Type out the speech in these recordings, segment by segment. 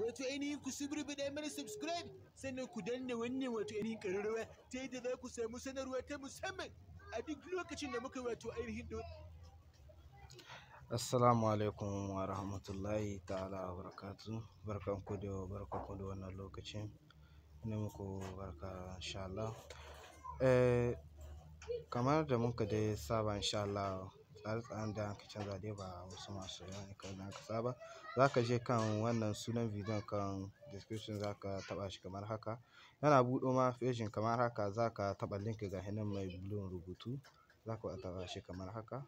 wato ainihin ku suburbuɗe mana subscribe sannan ku danna wannan wato ainihin ƙararrawa ta yadda za ku samu sanarwa ta musamman a duk lokacin da muka wato ainihin ɗau. Assalamu alaikum wa rahmatullahi ta'ala wa barakatu barkan ku da barkan ku da wannan lokacin ina muku barka insha Allah eh kamar da muka dai saba insha Allah tsare da aka canza dai ba wasu masu yawa kallon kasa ba za ka je kan wannan sunan bidiyon kan description za ka taɓa shi kamar haka yana buɗo ma fejin kamar haka za ka taɓa link ga hinan mai bulon rubutu za ka taɓa shi kamar haka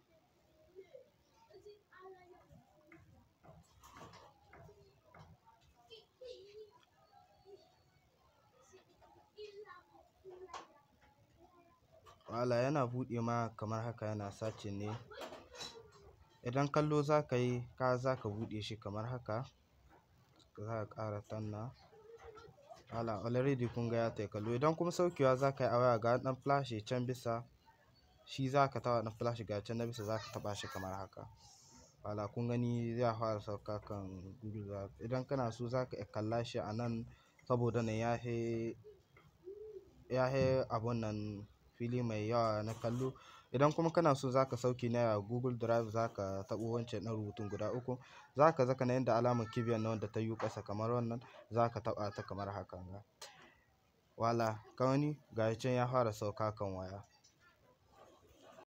wala yana buɗe ma kamar haka yana sace ne idan kallo za ka yi ka za ka buɗe shi kamar haka za ka ƙara tanna wala already kun ga ya tai kallo idan kuma saukewa za ka yi a waya ga ɗan flashe can bisa shi za ka taɓa ɗan flash ga can na bisa za ka taɓa shi kamar haka wala kun gani zai fara sauka kan guduwa idan kana so za ka kalla shi a nan saboda nan ya he ya he abun nan fili mai yawa na kallo idan kuma kana so zaka sauke na google drive zaka taɓo wancan ɗan rubutun guda uku zaka zaka na yanda alamar kibiyar na wanda ta yi ƙasa kamar wannan zaka taɓa ta kamar haka wala kawani ga can ya fara sauka kan waya